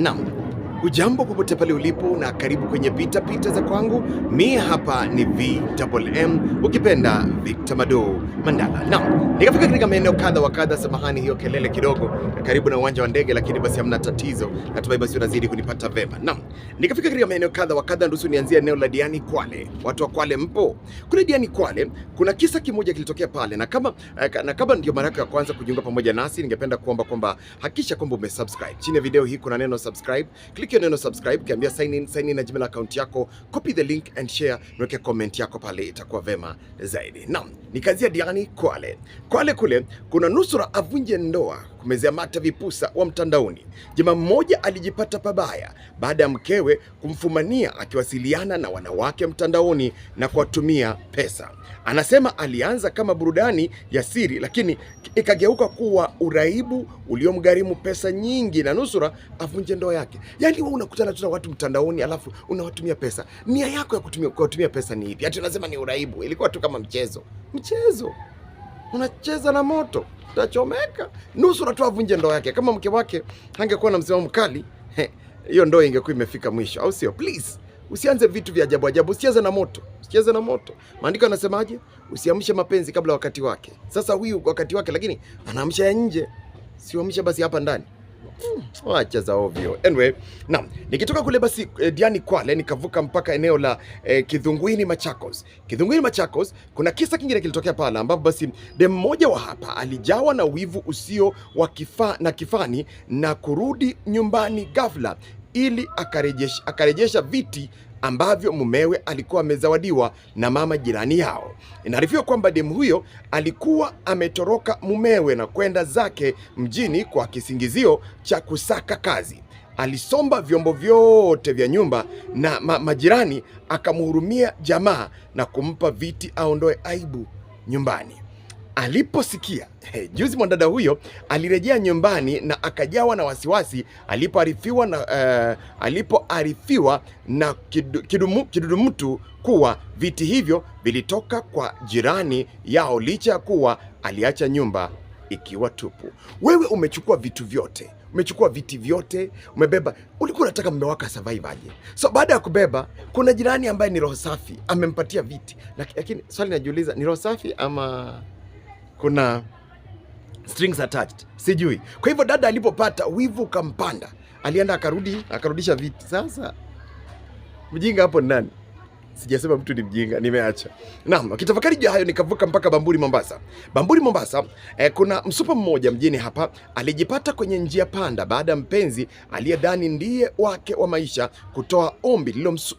No. Ujambo popote pale ulipo na karibu kwenye pita pita za kwangu. Mi hapa ni VMM, ukipenda Victor Mado Mandala. Naam, nikafika katika maeneo kadha wa kadha. Samahani hiyo kelele kidogo, karibu na uwanja wa ndege, lakini basi hamna tatizo. Natumai basi unazidi kunipata vema. Naam, nikafika katika maeneo kadha wa kadha. Ndusu nianzie eneo la Diani Kwale. Watu wa Kwale mpo? Kule Diani Kwale, kuna kisa kimoja kilitokea pale, na kama eh, na kama ndio mara yako ya kwanza kujiunga pamoja nasi, ningependa kuomba kwamba hakisha kwamba umesubscribe. Chini ya video hii kuna neno subscribe. Click hiyo neno subscribe, kiambia sign in, sign in na Gmail account yako, copy the link and share, niweke comment yako pale, itakuwa vema zaidi. Naam, nikazia Diani Kwale. Kwale kule kuna nusura avunje ndoa kumezea mata vipusa wa mtandaoni. Jamaa mmoja alijipata pabaya baada ya mkewe kumfumania akiwasiliana na wanawake mtandaoni na kuwatumia pesa. Anasema alianza kama burudani ya siri, lakini ikageuka kuwa uraibu uliomgharimu pesa nyingi na nusura avunje ndoa yake. Yaani wewe unakutana tu na watu mtandaoni alafu unawatumia pesa. Nia yako ya kutumia kuwatumia pesa ni ipi? Hata unasema ni uraibu, ilikuwa tu kama mchezo. Mchezo unacheza na moto, utachomeka nusu. Unatoa avunje ndoa yake. Kama mke wake angekuwa na msimamo mkali, hiyo ndoa ingekuwa imefika mwisho, au sio? Please, usianze vitu vya ajabu ajabu, usicheze na moto, usicheze na moto. Maandiko yanasemaje? Usiamshe mapenzi kabla wakati wake. Sasa huyu wakati wake, lakini anaamsha ya nje, siamsha basi hapa ndani wacheza hmm. ovyo. Anyway, na nikitoka kule basi eh, Diani Kwale nikavuka mpaka eneo la eh, Kidhungwini Machakos. kidhunguini Machakos kuna kisa kingine kilitokea pale ambapo basi dem mmoja wa hapa alijawa na wivu usio wa kifaa na kifani na kurudi nyumbani ghafla ili akarejesha, akarejesha viti ambavyo mumewe alikuwa amezawadiwa na mama jirani yao. Inaarifiwa kwamba demu huyo alikuwa ametoroka mumewe na kwenda zake mjini kwa kisingizio cha kusaka kazi. Alisomba vyombo vyote vya nyumba na ma majirani akamhurumia jamaa na kumpa viti aondoe aibu nyumbani. Aliposikia hey, juzi mwanadada huyo alirejea nyumbani na akajawa na wasiwasi alipoarifiwa na, uh, alipoarifiwa na kidumu, kidudumtu kuwa viti hivyo vilitoka kwa jirani yao licha ya kuwa aliacha nyumba ikiwa tupu. Wewe umechukua vitu vyote, umechukua viti vyote, umebeba. Ulikuwa unataka mume wako survive aje? So baada ya kubeba, kuna jirani ambaye ni roho safi, amempatia viti, lakini swali najiuliza, ni roho safi ama kuna strings attached, sijui. Kwa hivyo dada alipopata wivu kampanda, alienda akarudi, akarudisha viti. Sasa mjinga hapo nani? Sijasema mtu ni mjinga, nimeacha. Naam, kitafakari juu hayo nikavuka mpaka Bamburi Mombasa. Bamburi Mombasa eh, kuna msupa mmoja mjini hapa alijipata kwenye njia panda baada ya mpenzi aliyedhani ndiye wake wa maisha kutoa ombi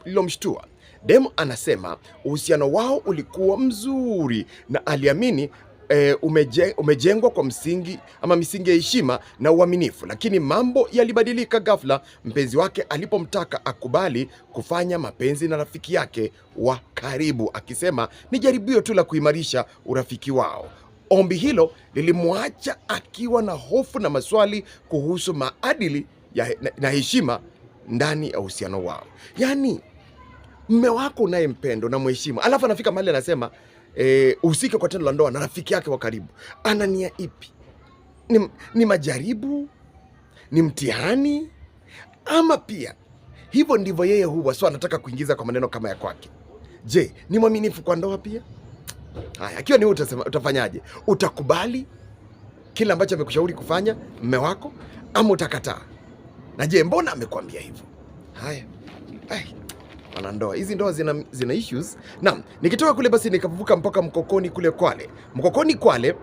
lilomshtua Demu anasema uhusiano wao ulikuwa mzuri na aliamini e, umeje, umejengwa kwa msingi ama misingi ya heshima na uaminifu, lakini mambo yalibadilika ghafla mpenzi wake alipomtaka akubali kufanya mapenzi na rafiki yake wa karibu, akisema ni jaribio tu la kuimarisha urafiki wao. Ombi hilo lilimwacha akiwa na hofu na maswali kuhusu maadili ya, na heshima ndani ya uhusiano wao. Yaani, mme wako unayempenda, unamheshimu, alafu anafika mahali anasema E, uhusike kwa tendo la ndoa na rafiki yake wa karibu, ana nia ipi? Ni, ni majaribu? Ni mtihani? Ama pia hivyo ndivyo yeye huwa so anataka kuingiza kwa maneno kama ya kwake. Je, ni mwaminifu kwa ndoa pia? Haya, akiwa ni wewe utafanyaje? Utakubali kile ambacho amekushauri kufanya mme wako ama utakataa? Na je, mbona amekwambia hivyo? Haya, haya wana ndoa Hizi ndoa zina, zina issues. Naam, nikitoka kule basi nikavuka mpaka Mkokoni kule Kwale. Mkokoni Kwale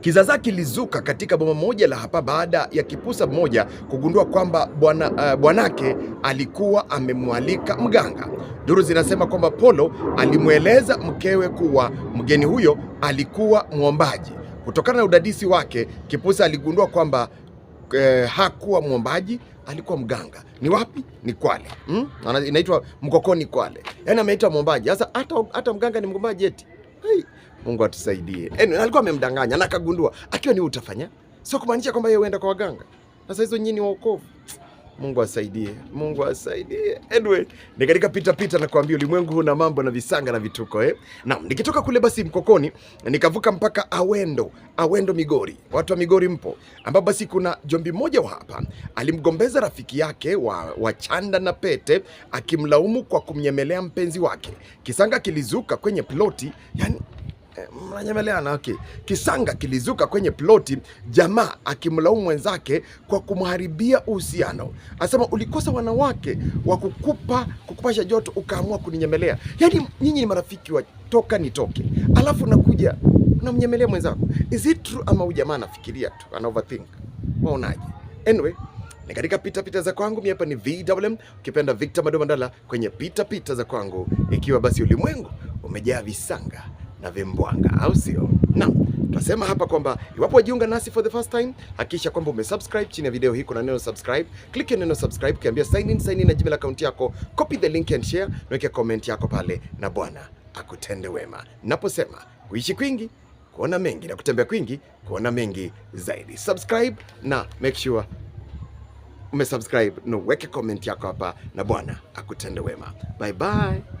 kizaza kilizuka katika boma moja la hapa baada ya kipusa mmoja kugundua kwamba bwana, uh, bwanake alikuwa amemwalika mganga. Duru zinasema kwamba Polo alimweleza mkewe kuwa mgeni huyo alikuwa mwombaji. Kutokana na udadisi wake, kipusa aligundua kwamba eh, hakuwa mwombaji alikuwa mganga. Ni wapi? Ni Kwale hmm? Inaitwa Mkokoni Kwale, yaani ameita mwombaji. Sasa hata, hata mganga ni mwombaji eti? Hey, Mungu atusaidie. Alikuwa amemdanganya na akagundua, akiwa ni utafanya, sio kumaanisha kwamba yeye huenda kwa waganga. Sasa hizo nyinyi waokovu Mungu asaidie, Mungu asaidie. Anyway, ni katika pita pita na kuambia ulimwengu huna mambo na visanga na vituko eh. Na nikitoka kule basi Mkokoni nikavuka mpaka Awendo, Awendo Migori. Watu wa Migori mpo, ambapo basi kuna jombi mmoja wa hapa alimgombeza rafiki yake wa, wa chanda na pete akimlaumu kwa kumnyemelea mpenzi wake. Kisanga kilizuka kwenye ploti, yani mnanyemeleana okay. Kisanga kilizuka kwenye ploti, jamaa akimlaumu mwenzake kwa kumharibia uhusiano, asema ulikosa wanawake wa kukupa kukupasha joto ukaamua kuninyemelea. Yaani nyinyi ni marafiki wa toka nitoke, alafu nakuja unamnyemelea mwenzako, is it true? Ama huyu jamaa anafikiria tu, ana overthink. Waonaje? anyway ni katika pita pita za kwangu. Mimi hapa ni VMM, ukipenda Victor Mandala kwenye pita pita za kwangu, ikiwa basi ulimwengu umejaa visanga na Vimbwanga, au sio? Na tunasema hapa kwamba iwapo wajiunga nasi for the first time, hakikisha kwamba umesubscribe. Chini ya video hii kuna neno subscribe, click neno subscribe, kiambia sign in, sign in na Gmail account yako, copy the link and share, naweke comment yako pale, na Bwana akutende wema. Naposema kuishi kwingi kuona mengi na kutembea kwingi kuona mengi zaidi. Subscribe na make sure umesubscribe na uweke comment yako hapa, na Bwana akutende wema. Bye bye.